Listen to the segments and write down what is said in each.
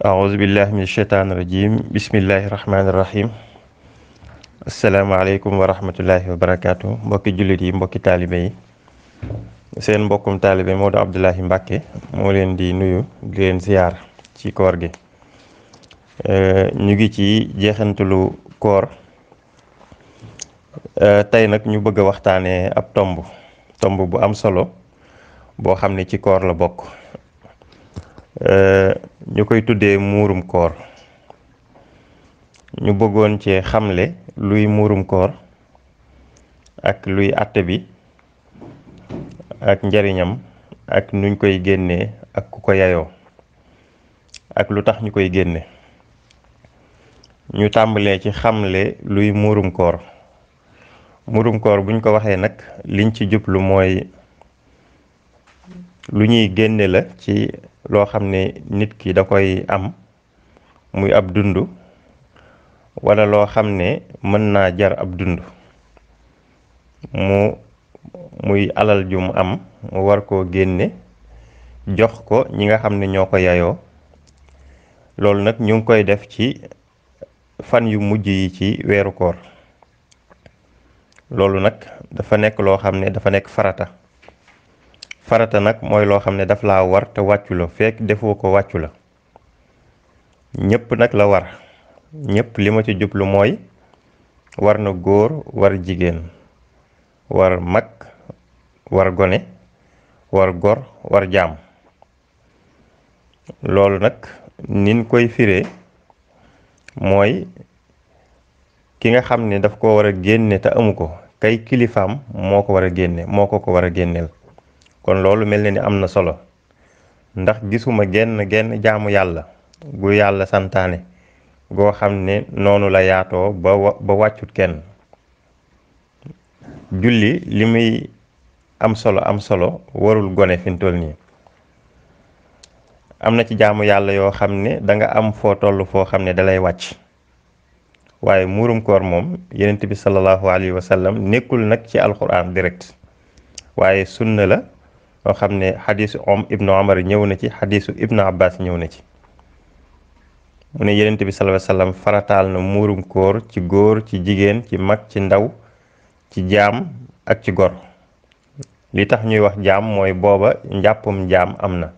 ahousubillah min sheytaani rajim bismillahi rahmaaniirahim asalaamaaleykum wa rahmatullahi wa mbokki jullit yi mbokki taalibe yi seen mbokkum taalibe Modou Abdoulaye Mbacke moo leen di nuyu di leen ziyaar ci koor gi eh, ñu ngi ci jeexantalu koor eh, tey nag ñu bëgg a waxtaanee ab tomb tomb bu am solo boo xam ne ci koor la bokk Euh, ñu koy tuddee muurum koor ñu bëggoon cee xamle luy muurum koor ak luy àtte bi ak njariñam ak nuñ koy génnee ak ku ko yayoo ak lu tax ñu koy génne ñu tàmbalee ci xamle luy muurum koor muurum koor buñ ko waxee nag liñ ci jublu mooy lu ñuy génne la ci loo xam ne nit ki da koy am muy ab dund wala loo xam ne mën naa jar ab dund mu muy alal ju mu am mu war koo génne jox ko ñi nga xam ne ñoo ko yayoo loolu nag ñu ngi koy def ci fan yu mujj yi ci weeru koor loolu nag dafa nekk loo xam ne dafa nekk farata farata nag mooy loo xam ne daf la war te wàccu la fekk defoo ko wàccu la ñépp nag la war ñépp li ma ci jublu mooy war na góor war jigéen war mag war gone war gor war jaam loolu nag nin koy firee mooy ki nga xam ne daf ko war a génne te amu ko kay kilifaam moo ko war a génne moo ko ko war a génneel kon loolu mel na ni am na solo ndax gisuma genn genn jaamu yàlla gu yàlla santaane goo xam ne noonu la yaatoo ba ba wàccut kenn julli li muy am solo am solo warul gone fi toll nii am na ci jaamu yàlla yoo xam ne danga am foo toll foo xam ne dalay wàcc waaye muurum koor moom yenent bi sallallahu alayhi wa sallam nekkul nag ci alquran direct waaye sunna la yoo xam ne xadisu om ibnu omar ñëw na ci xadisu ibnu abbas ñëw na ci mu ne yenent bi sallallahu alayhi farataal na muurum koor ci góor ci jigéen ci mag ci ndaw ci jaam ak ci gor li tax ñuy wax jaam mooy booba njàppum jaam am na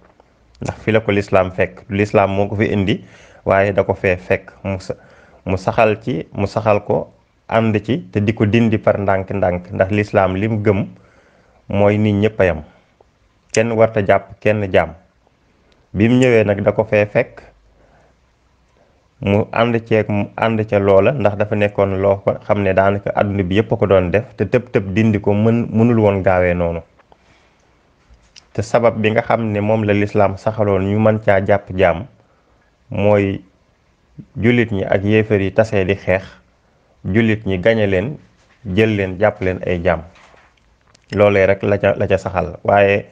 ndax fi la ko lislaam fekk lislaam moo ko fi indi waaye da ko fee fekk mu saxal ci mu saxal ko ànd ci te di ko dindi par ndànk-ndànk ndax lislaam lim gëm mooy nit ñëpp a kenn warta jàpp kenn jaam bi mu ñëwee nag da ko fee fekk mu ànd ceeg mu ànd ca loola ndax dafa nekkoon loo ko xam ne daanaka àdduna bi yëpp a ko doon def te tëb tëb dindi ko mën mënul woon gaawee noonu te sabab bi nga xam ne moom la lislaam saxaloon ñu mën caa jàpp jaam mooy jullit ñi ak yéefar yi tasee di xeex jullit ñi gañe leen jël leen jàpp leen ay jaam loolee rek la ca la ca saxal waaye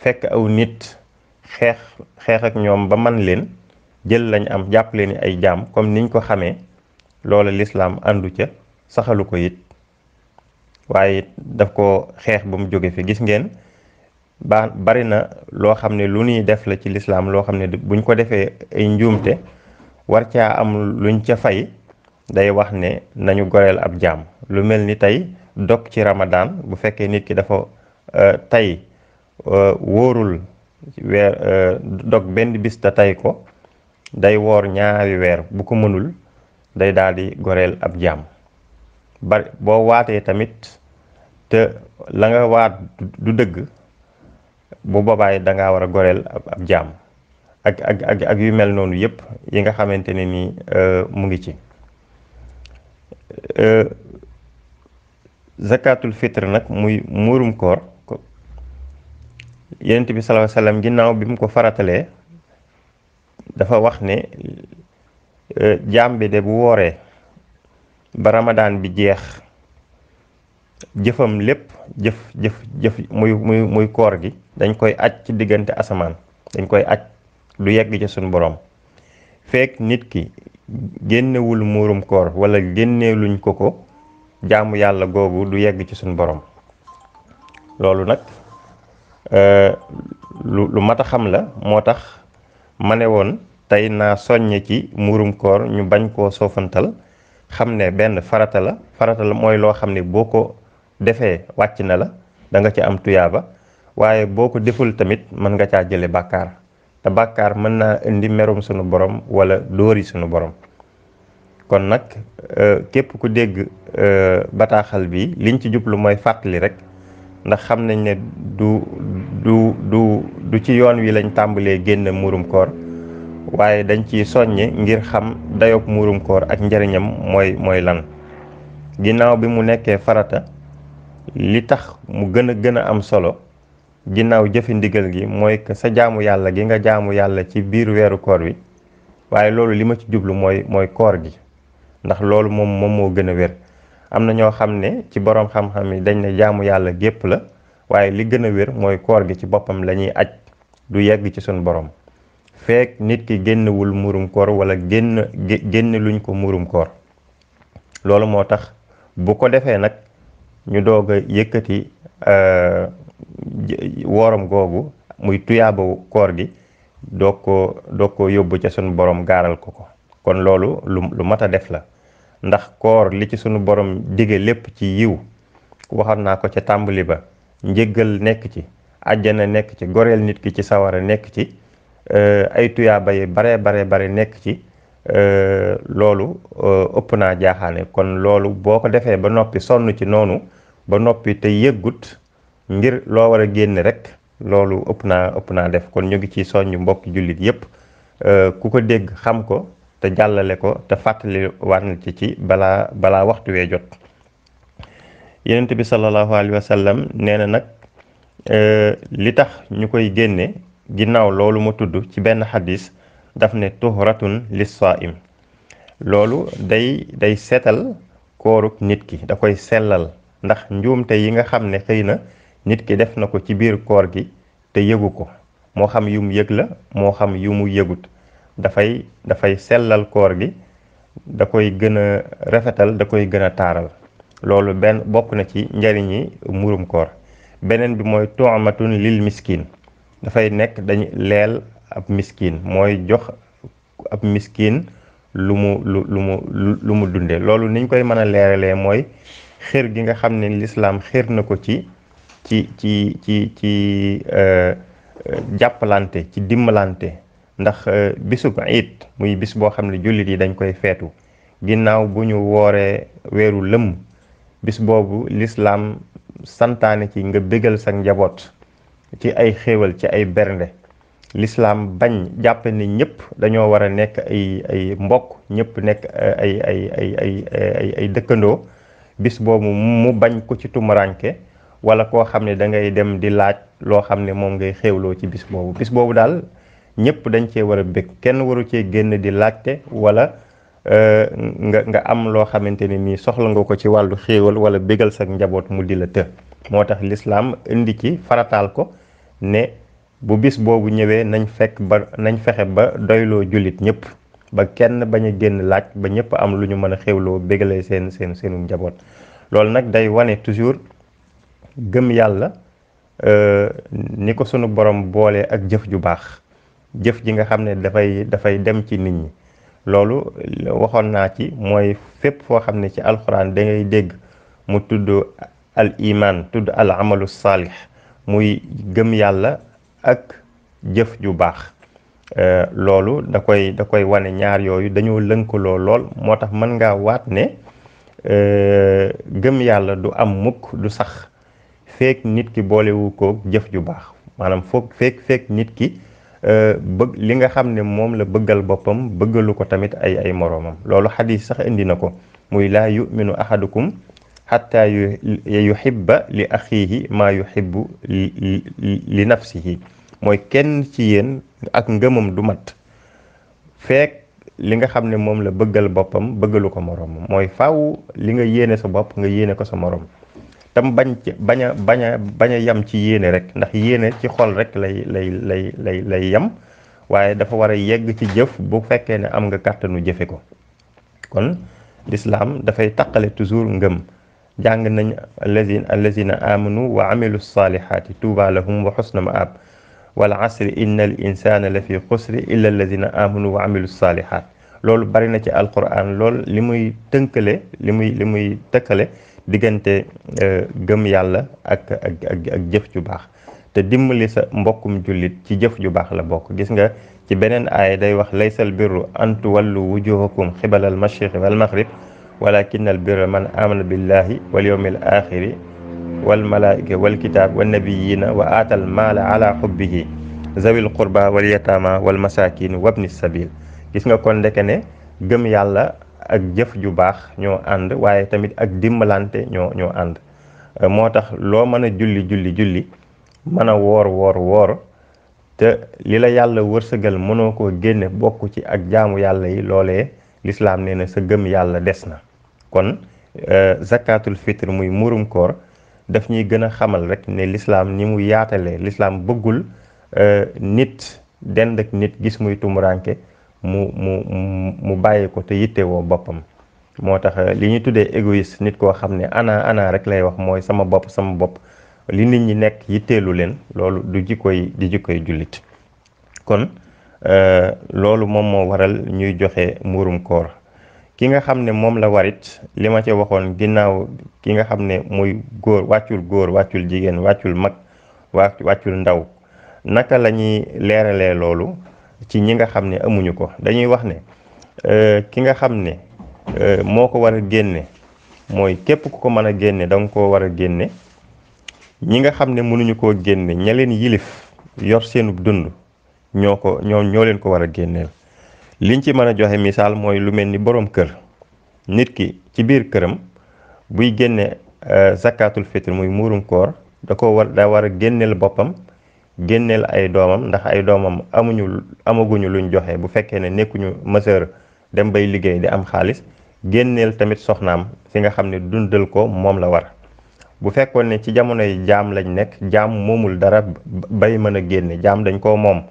fekk aw nit xeex xeexak ñoom ba man leen jël lañ am jàpp leen ni ay jaam comme niñ ko xamee loola lislaam àndu ca saxalu ko it waaye daf ko xeex ba mu jóge fi gis ngeen ba bari na loo xam ne lu ñuy def la ci lislaam loo xam ne buñ ko defee ay njuumte war caa am luñ ca fay day wax ne nañu goreel ab jaam lu mel ni tey dog ci ramadaan bu fekkee nit ki dafa euh, tey Euh, wóorul weer euh, dog benn bis te tay ko day woor ñaari weer bu ko mënul day daal di goreel ab jaam bari boo waatee tamit te la nga waat du dëgg bu boobaay da ngaa war a goreel ab jaam ak ak ak yu mel noonu yëpp yi nga xamante ne nii euh, mu ngi ci zakatul fitre nag muy muurum koor yonent bi sallallahu alayhi ginnaaw bi mu ko faratalee dafa wax ne euh, jaam bi de bu wooree ba ramadaan bi jeex jëfam lépp jëf jëf jëf muy muy muy koor gi dañ koy aj ci diggante asamaan dañ koy aj du yegg ci suñ boroom fekk nit ki génnewul muurum koor wala génneeluñ ko ko jaamu yàlla googu du yegg ci suñ borom loolu nag Euh, lu lu mat a xam la moo tax ma ne woon tey naa soññe ci muurum koor ñu bañ koo sofantal xam ne benn farata la farata la mooy loo xam ne boo ko defee wàcc na la danga nga ci am tuyaaba waaye boo ko deful tamit mën nga caa jële bàkkaar te bàkkaar mën naa indi merum sunu borom wala dóori sunu borom kon nag euh, képp ku dégg euh, bataaxal bi liñ ci jublu mooy fàttali rek ndax xam nañ ne du du du du ci yoon wi lañ tàmbalee génn murum koor waaye dañ ci soññe ngir xam dayob murum koor ak njariñam mooy mooy lan ginnaaw bi mu nekkee farata li tax mu gën a gën a am solo ginnaaw jëfe ndigal gi mooy que sa jaamu yàlla gi nga jaamu yàlla ci biir weeru koor wi waaye loolu li ma ci jublu mooy mooy koor gi ndax loolu moom moom moo gën a wér am na ñoo xam ne ci boroom xam-xam yi dañ ne jaamu yàlla gépp la waaye li gën a wér mooy koor gi ci boppam lañuy aj du yegg ci suñu borom feek nit ki génnewul murum koor wala génn génne luñ ko murum koor loolu moo tax bu ko defee nag ñu doog a yëkkati euh, wooram googu muy tuyaaba koor gi doog ko doog ko yóbbu ca suñu borom gaaral ko ko kon loolu lu lu mat a def la ndax koor li ci sunu borom dige lépp ci yiw waxoon naa ko ca tàmbali ba njëggal nekk ci ajjana nekk ci goreel nit ki ci sawara nekk ci eh, ay tuyaaba yi bare bare bare nekk ci eh, loolu eh, ëpp naa jaaxaane kon loolu boo ko defee ba noppi sonn ci noonu ba noppi te yëggut ngir loo war a génn rek loolu ëpp naa ëpp naa def kon ñu ngi ci soññ mbokki jullit yépp ku ko dégg xam ko jàllale ko te fàttali warna ci ci balaa balaa waxtu wee jot yonent bi sallallahu alayhi wa sallam nee na nag euh, li tax ñu koy génne ginnaaw loolu ma tudd ci benn xadis daf ne tuhratun lissaim loolu day day seetal kooruk nit ki da koy sellal ndax njuumte yi nga xam ne xëy na nit ki def na ko ci biir koor gi te yëgu ko moo xam yu mu yëg la moo xam yu mu yëgut dafay dafay sellal koor gi da koy gën a rafetal da koy gën a taaral loolu benn bokk na ci njariñi murum koor beneen bi mooy tuamatun lil miskin dafay nekk dañu leel ab miskin mooy jox ab miskin lu mu lu lu mu lu dunde loolu niñ koy mën a leeralee mooy xër gi nga xam ne lislaam xër na ko ci ci ci ci ci euh, jàppalante ci dimmalante ndax euh, bisub iid muy bis boo xam ne jullit yi dañ koy feetu ginnaaw bu ñu wooree weeru lëm bis boobu lislaam santaane ci nga bégal sa njaboot ci ay xéewal ci ay bernde lislaam bañ jàpp ne ñëpp dañoo war a nekk ay ay mbokk ñëpp nekk euh, ay ay ay dëkkandoo bis boobu mu bañ ko ci tumuraanke wala koo xam ne da ngay dem di laaj loo xam ne moom ngay xéewloo ci bis boobu bis boobu daal ñëpp dañ cee war a bëgg kenn waru cee génn di laajte wala euh, nga nga am loo xamante ni mii soxla nga ko ci wàllu xéewal wala bégal sa njaboot mu di la të moo tax lislaam indi ci farataal ko ne bu bis boobu ñëwee nañ fekk ba nañ fexe ba doyloo jullit ñëpp ba kenn bañ a génn laaj ba ñëpp am lu ñu mën a xéwloo bégalee seen seen seenu njaboot loolu nag day wane toujours gëm yàlla euh, ni ko sunu borom boolee ak jëf ju baax jëf ji nga xam ne dafay dafay dem ci nit ñi loolu waxoon naa ci mooy fépp foo xam ne ci alxuraan dangay dégg mu tudd al iman tudd al amalu saalix muy gëm yàlla ak jëf ju baax euh, loolu da koy da koy wane ñaar yooyu dañoo lënkaloo lool moo tax mën ngaa waat ne euh, gëm yàlla du am mukk du sax feek nit ki boolewu ko jëf ju baax maanaam foog feek feek nit ki bëgg li nga xam ne moom la bëggal boppam bëggalu ko tamit ay ay moroomam loolu xadis sax indi na ko muy laa yuminu ahadukum xatta yuhibba li axiihi maa yuhibbu li nafsihi mooy kenn ci yéen ak ngëmam du mat feek li nga xam ne moom la bëggal boppam bëggalu ko moroomam mooy faw li nga yéene sa bopp nga yéene ko sa moroom tam bañ bañ a bañ a bañ a yem ci yéene rek ndax yéene ci xol rek lay lay lay lay lay yem waaye dafa war a yegg ci jëf bu fekkee ne am nga kàttanu jëfe ko kon lislaam dafay taqale toujours ngëm jàng nañ allazina allazina amanu wa amilu salihaati tuuba lahum wa xusna maab wal asri inna al insana la fi xusri illa allazina amanu wa amilu salihaat loolu bari na ci alquran lool li muy tënkale li muy li muy tëkkale diggante euh, gëm yàlla ak ak jëf ju baax te dimbali sa mbokkum jullit ci jëf ju baax la bokk gis nga ci beneen aaya day wax laysal birru an tuwallu wujuhakum xibalal mashriqi wal maghrib walakin al birra man amana billahi wal yawmil axiri wal malaika wal kitab wan nabiyina wa aatal maala ala xubbihi zawil qurba wal yatama wal wa wabni sabil gis nga kon ndeke gëm yàlla ak jëf ju baax ñoo ànd waaye tamit ak dimbalante ñoo ànd euh, moo tax loo mën a julli julli julli mën a woor woor woor te li la yàlla wërsëgal mënoo ko génne bokk ci ak jaamu yàlla yi loolee lislaam nee na sa gëm yàlla des na kon euh, zakatul fitre muy murum koor daf ñuy gën a xamal rek ne lislaam ni mu yaatale lislaam bëggul euh, nit dend ak nit gis muy tumuraanke mu mu mu bàyyi ko te yittewoo boppam moo tax euh, li ñu tuddee égoïste nit koo xam ne ana ana rek lay wax mooy sama bopp sama bopp li nit ñi nekk yitteelu leen loolu du jikkoy di jikkoy jullit kon euh, loolu moom moo waral ñuy joxe muurum koor ki nga xam ne moom la warit li ma ci waxoon ginnaaw ki nga xam ne muy góor wàccul góor wàccul jigéen wàccul mag wàccul ndaw naka la ñuy leeralee loolu ci ñi nga xam ne amuñu ko dañuy wax ne euh, ki nga xam ne euh, moo ko war a génne mooy képp ku ko mën a génne danga ko war a génne ñi nga xam ne mënuñu koo génne ñaleen yilif yor seenub dund ñoo ko ñoo ñoo leen ko war a génneel liñ ci mën a joxe misaal mooy lu mel ni boroom kër nit ki ci biir këram buy génne euh, zakaatul fitr muy muurum koor da ko war daa war a génneel boppam génneel ay doomam ndax ay doomam amuñu amaguñu luñ joxe bu fekkee ne nekkuñu majeur dem bay liggéey di am xaalis génneel tamit soxnaam si nga xam ne dundal ko moom la war bu fekkoon ne ci jamonoy jaam lañ nekk jaam moomul dara bay mën a génne jaam dañ koo moom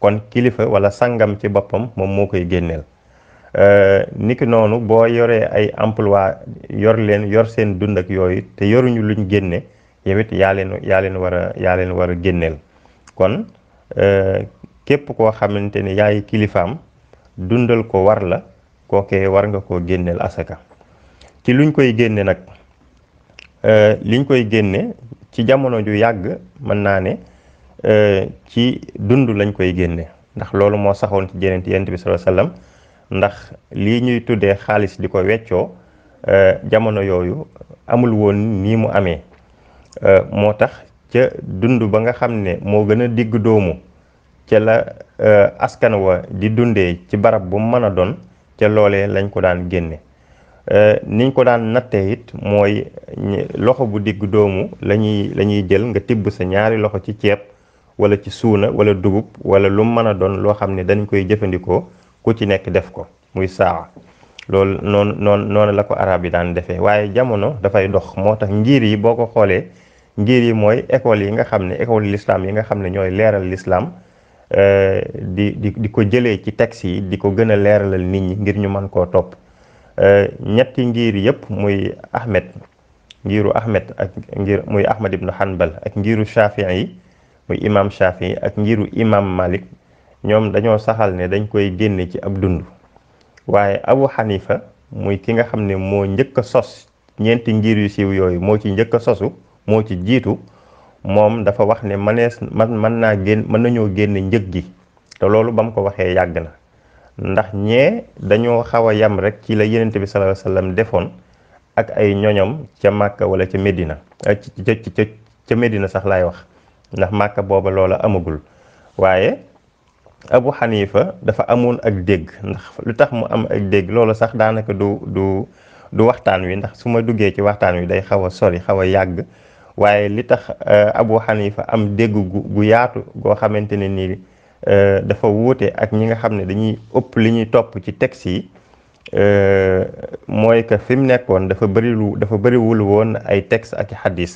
kon kilifa wala sangam ci boppam moom moo koy génneel euh, niki noonu boo yoree ay emploi yor leen yor seen dund ak yooyu te yoruñu luñ génne yow it yaa leen yaa leen war a yaa leen war a génneel kon euh, képp koo xamante ne yaay kilifaam dundal ko war la kookee war nga koo génneel asaka ci luñ koy génne nag euh, liñ koy génne ci jamono ju yàgg mën naa ne euh, ci dund lañ koy génne ndax loolu moo saxoon ci jeneen yonent bi sallallahu alayhi wasallam ndax li ñuy tuddee xaalis di ko weccoo jamono yooyu amul woon nii mu amee moo tax ca dund ba nga xam ne moo gën a digg doomu ca la euh, askan wa di dundee ci barab bu mu mën a doon ca loolee lañ ko daan génne euh, niñ ko daan natte it mooy loxo bu digg doomu la ñuy la ñuy jël nga tibb sa ñaari loxo ci ceeb wala ci suuna wala dugub wala lu mën a doon loo xam ne dañ koy jëfandikoo ku ci nekk def ko muy saawa loolu noon noon noonu la ko arab yi daan defee waaye jamono dafay dox moo tax njiir yi boo ko xoolee ngir yi mooy école yi nga xam ne école yi yi nga xam ne ñooy leeral l'islam euh, di di di ko jëlee ci texte yi di ko gën a leeralal nit ñi ngir ñu man koo topp euh, ñetti ngir yëpp muy Ahmed ngiru Ahmed ak ngir muy Ahmad ibn Hanbal ak ngiru Shafi'i yi muy imam Shafi'i ak ngiru imam Malik ñoom dañoo saxal ne dañ koy génne ci ab dund waaye Abu Hanifa muy ki nga xam ne moo njëkk sos ñeenti ngir yu siiw yooyu moo ci njëkk a sosu moo ci jiitu moom dafa wax ne manees man mën naa génn mën nañoo génn njëg gi te loolu ba mu ko waxee yàgg na ndax ñee dañoo xaw a yam rek ci la yenente bi sallallahu alayhi wasallam defoon ak ay ñoñom ca Màkka wala ca Medina ca ca ca Medina sax laay wax ndax Màkka booba loola amagul waaye Abu Hanifa dafa amoon ak dégg ndax lu tax mu am ak dégg loolu sax daanaka du du du waxtaan wi ndax su ma duggee ci waxtaan wi day xaw a sori xaw a yàgg waaye li tax euh, Abu Hanifa am dégg gu yaatu goo xamante ne nii euh, dafa wuute ak ñi nga xam ne dañuy ëpp li ñuy topp ci texte yi euh, mooy que fi mu nekkoon dafa bëri lu dafa bëriwul woon ay texte ak i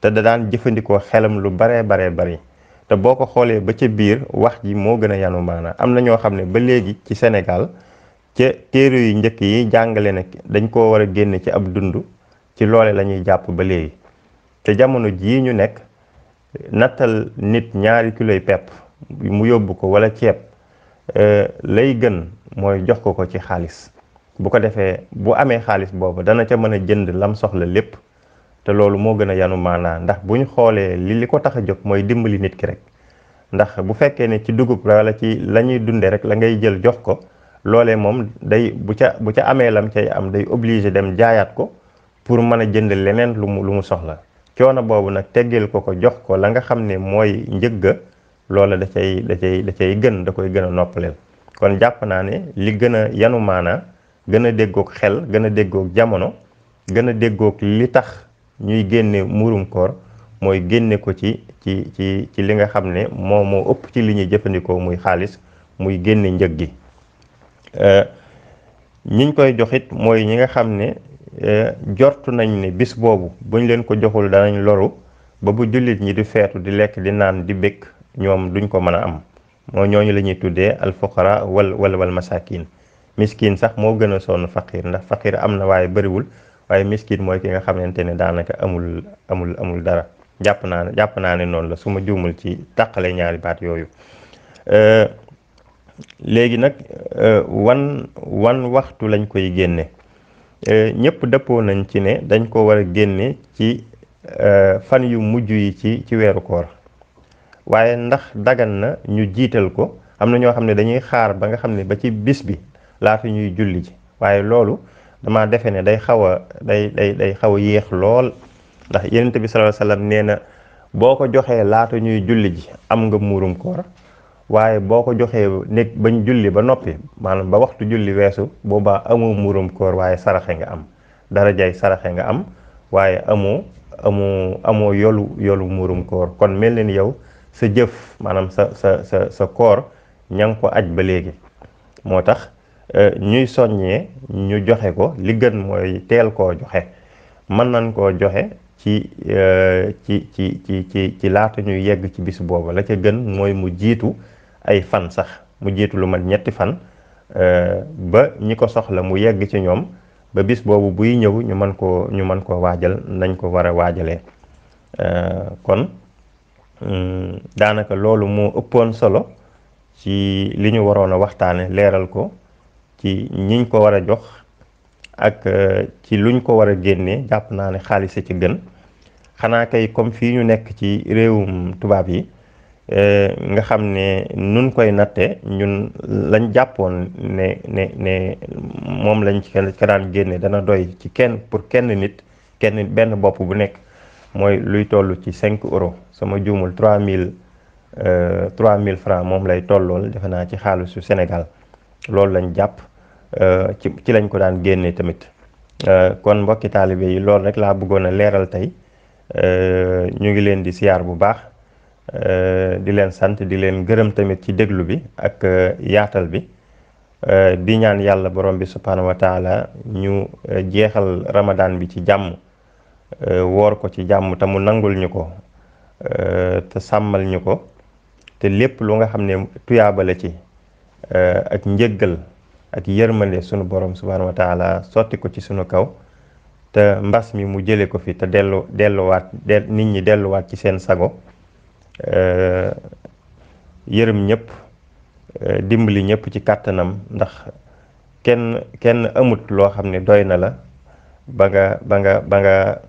te da daan jëfandikoo xelam lu baree baree bari te boo ko xoolee ba ca biir wax ji moo gën a yanu maana am na ñoo xam ne ba léegi ci Sénégal ca téere yu njëkk yi jàngale ne dañ koo war a génne ci ab dund ci loole lañuy jàpp ba léegi te jamono jii ñu nekk nattal nit ñaari kiloy pepp mu yóbbu ko wala ceeb euh, lay gën mooy jox ko ko ci xaalis bu ko defee bu amee xaalis boobu dana ca mën a jënd lam soxla lépp te loolu moo gën a yanu maanaa ndax bu ñu xoolee li li ko tax a jóg mooy dimbali nit ki rek ndax bu fekkee ne ci dugub wala ci la ñuy dundee rek la ngay jël jox ko loolee moom day bu ca bu ca amee lam cay am day obligé dem jaayaat ko pour mën a jënd leneen lu mu lu mu soxla coono boobu nag teggeel ko ko jox ko la nga xam ne mooy njëgga loola da cay da cay da cay gën da koy gën a noppaleel kon jàpp naa ne li gën a yanu maanaa gën a déggoog xel gën a déggoog jamono gën a déggoog li tax ñuy génne murum koor mooy génne ko ci ci ci ci li nga xam ne moo moo ëpp ci li ñuy jëfandikoo muy xaalis muy génne njëg gi euh, ñiñ koy joxit mooy ñi nga xam ne Eh, jortu nañ ne bis boobu buñ leen ko joxul danañ loru ba bu jullit ñi di feetu di lekk di naan di bëgg ñoom duñ ko mën a am moo ñooñu la ñuy tuddee alfuqara wal wal wal masakin miskin sax moo gën a sonn faqir ndax faqir am na waaye bariwul waaye miskin mooy ki nga xamante ne daanaka amul amul amul dara jàpp naa ne jàpp naa ne noonu la su ma juumul ci tàqale ñaari baat yooyu eh, léegi nag eh, wan wan waxtu lañ koy génne Euh, ñëpp dëppoo nañ ci ne dañ ko war a génne ci euh, fan yu mujj yi ci ci weeru koor waaye ndax dagan na ñu jiital ko am na ñoo xam ne dañuy xaar ba nga xam ne ba ci bis bi laata ñuy julli ji waaye loolu dama defe ne day xaw a day day day xaw a yéex lool ndax yonent bi sallallahu nee na boo ko joxee laata ñuy julli ji am nga muurum koor waaye boo ko joxee nekk bañ julli ba noppi maanaam ba waxtu julli weesu boobaa amoo murum koor waaye saraxe nga am dara jay saraxe nga am waaye amoo amoo amoo yolu yolu murum koor kon mel na ni yow sa jëf maanaam sa sa sa sa koor ña ko aj ba léegi moo tax e, ñuy soññee ñu joxe ko li gën mooy teel koo joxe mën nañ koo joxe ci e, ci ci ci ci ci laata ñu yegg ci bis booba la ca gën mooy mu jiitu ay fan sax mu jiitu lu mat ñetti fan euh, ba ñi ko soxla mu yegg ci ñoom ba bis boobu buy ñëw ñu mën koo ñu mën koo waajal nañ ko war a waajalee euh, kon hmm, daanaka loolu moo ëppoon solo ci li ñu waroon a waxtaane leeral ko ci ñiñ ko war a jox ak euh, ci luñ ko war a génnee jàpp naa ne xaalis ci gën xanaa kay comme fii ñu nekk ci réewum tubaab yi Eh, nga xam ne nun koy natte ñun lañ jàppoon ne ne ne moom lañ ci ka daan génne dana doy ci kenn pour kenn nit kenn benn bopp bu nekk mooy luy toll ci cinq euros sama juumul trois mille euh, trois mille francs moom lay tollool defe naa ci xaalisu Sénégal loolu lañ jàpp euh, ci ci lañ ko daan génne tamit euh, kon mbokki taalibe yi loolu rek laa bëggoon a leeral tey ñu ngi leen di siyaar bu baax Euh, di leen sant di leen gërëm tamit ci déglu bi ak euh, yaatal bi euh, di ñaan yàlla borom bi subhaanahu wa ñu jeexal ramadaan bi ci jàmm woor ko ci jàmm te mu nangul ñu ko te sàmmal ñu ko te lépp lu nga xam ne tuyaabale ci ak njëggal ak yërmande sunu borom subhaanahu wa sotti ko ci sunu kaw te mbas mi mu jële ko fi te dellu delluwaat nit ñi delluwaat ci seen sago Euh, yërëm ñëpp euh, dimbali ñëpp ci kàttanam ndax kenn kenn amut loo xam ne doy na la ba nga ba nga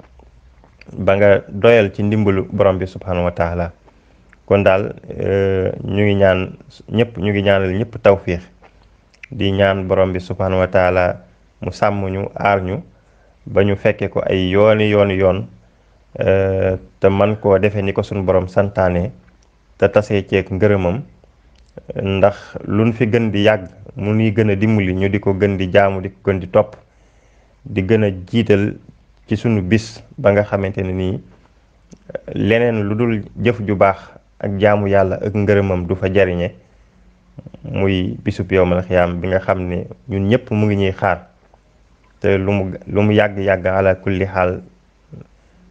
ba nga doyal ci ndimbalu borom bi subhanahu wa kon daal euh, ñu ngi ñaan ñëpp ñu ngi ñaanal ñëpp tawfiix di ñaan borom bi subhanahu wa mu sàmm ñu aar ñu ba ñu fekke ko ay yooni yooni yoon Euh, te man koo defee ni ko suñu borom santaane te tasee ceeg ngërëmam ndax lu luñ fi gën di yàgg mu nuy gën a dimbali ñu di ko gën di jaamu di ko gën di topp di gën a jiital ci sunu bis ba nga xamante ne nii leneen lu dul jëf ju baax ak jaamu yàlla ak ngërëmam du fa jariñe muy bisub yawmal xiyaam bi nga xam ni ñun ñëpp mu ngi ñuy xaar te lu mu lu mu yàgg-yàgg ala kulli xaal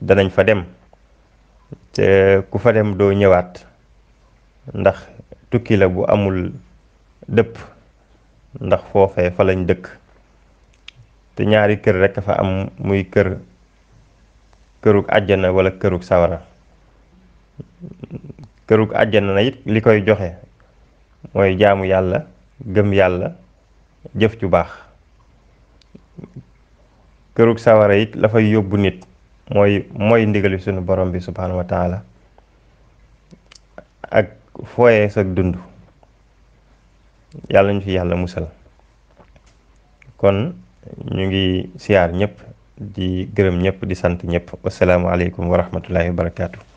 danañ fa dem te ku fa dem doo ñëwaat ndax tukki la bu amul dëpp ndax foofee fa lañ dëkk te ñaari kër rekk fa am muy kër kërug àjjana walla kërug sawara kërug àjjana na it li koy joxe mooy jaamu yàlla gëm yàlla jëf ju baax kërug sawara it la fay yóbbu nit mooy mooy ndigali sunu borom bi subhanahu wa taala ak fooyee sa dund yàlla ñu fi yàlla musal kon ñu ngi siyaar ñëpp di gërëm ñëpp di sant ñëpp wasalaamualeykum wa rahmatullahi wa barakaatu.